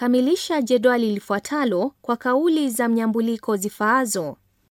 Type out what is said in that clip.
Kamilisha jedwali lifuatalo kwa kauli za mnyambuliko zifaazo.